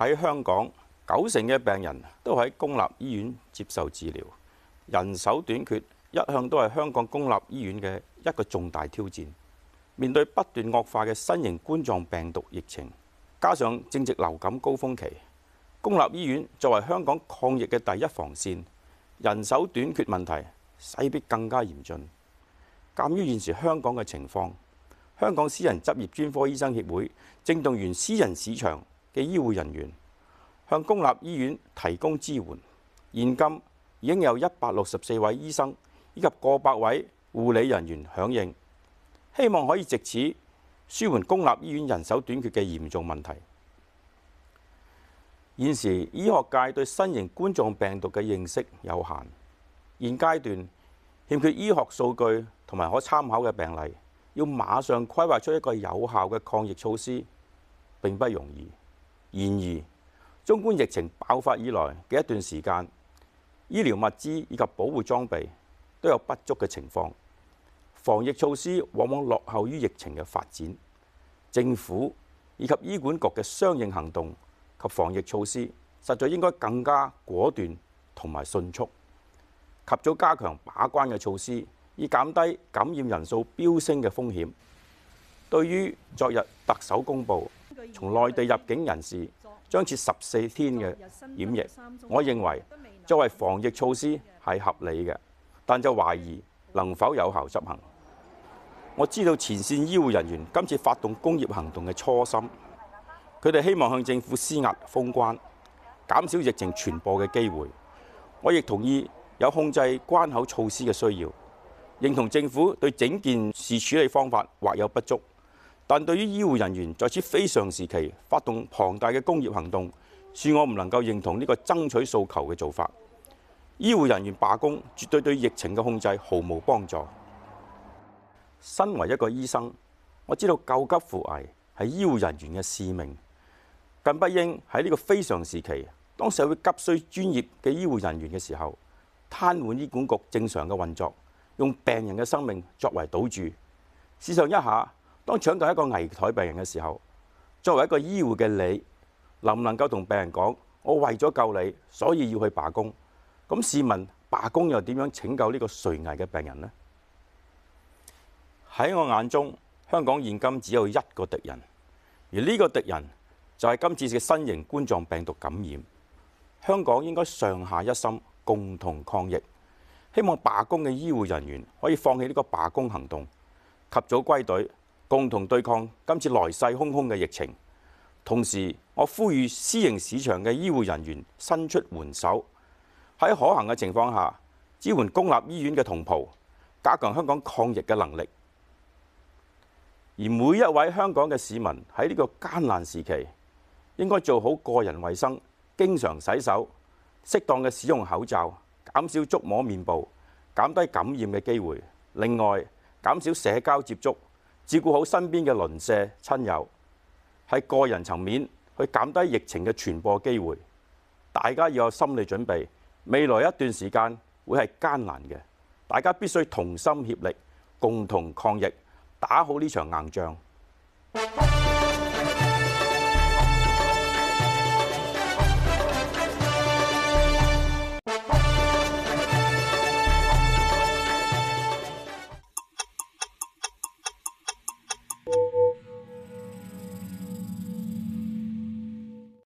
喺香港，九成嘅病人都喺公立醫院接受治療，人手短缺一向都係香港公立醫院嘅一個重大挑戰。面對不斷惡化嘅新型冠狀病毒疫情，加上正值流感高峯期，公立醫院作為香港抗疫嘅第一防線，人手短缺問題勢必更加嚴峻。鑑於現時香港嘅情況，香港私人執業專科醫生協會正動員私人市場嘅醫護人員向公立醫院提供支援，現今已經有一百六十四位醫生以及過百位護理人員響應，希望可以藉此舒緩公立醫院人手短缺嘅嚴重問題。現時醫學界對新型冠狀病毒嘅認識有限，現階段欠缺醫學數據同埋可參考嘅病例，要馬上規劃出一個有效嘅抗疫措施並不容易。然而，縱觀疫情爆發以來嘅一段時間，醫療物資以及保護裝備都有不足嘅情況。防疫措施往往落後於疫情嘅發展，政府以及醫管局嘅相應行動及防疫措施，實在應該更加果斷同埋迅速，及早加強把關嘅措施，以減低感染人數飆升嘅風險。對於昨日特首公布，從內地入境人士將設十四天嘅檢疫，我認為作為防疫措施係合理嘅，但就懷疑能否有效執行。我知道前線醫護人員今次發動工業行動嘅初心，佢哋希望向政府施壓封關，減少疫情傳播嘅機會。我亦同意有控制關口措施嘅需要，認同政府對整件事處理方法或有不足。但對於醫護人員在此非常時期發動龐大嘅工業行動，恕我唔能夠認同呢個爭取訴求嘅做法。醫護人員罷工絕對對疫情嘅控制毫無幫助。身為一個醫生，我知道救急扶危係醫護人員嘅使命，更不應喺呢個非常時期，當社會急需專業嘅醫護人員嘅時候，癱瘓醫管局正常嘅運作，用病人嘅生命作為賭注，試想一下。當搶救一個危殆病人嘅時候，作為一個醫護嘅你，能唔能夠同病人講：我為咗救你，所以要去罷工？咁試問罷工又點樣拯救呢個垂危嘅病人呢？喺我眼中，香港現今只有一個敵人，而呢個敵人就係今次嘅新型冠狀病毒感染。香港應該上下一心，共同抗疫。希望罷工嘅醫護人員可以放棄呢個罷工行動，及早歸隊。共同對抗今次來勢洶洶嘅疫情。同時，我呼籲私營市場嘅醫護人員伸出援手，喺可行嘅情況下支援公立醫院嘅同袍，加強香港抗疫嘅能力。而每一位香港嘅市民喺呢個艱難時期，應該做好個人衞生，經常洗手，適當嘅使用口罩，減少觸摸面部，減低感染嘅機會。另外，減少社交接觸。照顧好身邊嘅鄰舍親友，喺個人層面去減低疫情嘅傳播機會。大家要有心理準備，未來一段時間會係艱難嘅，大家必須同心協力，共同抗疫，打好呢場硬仗。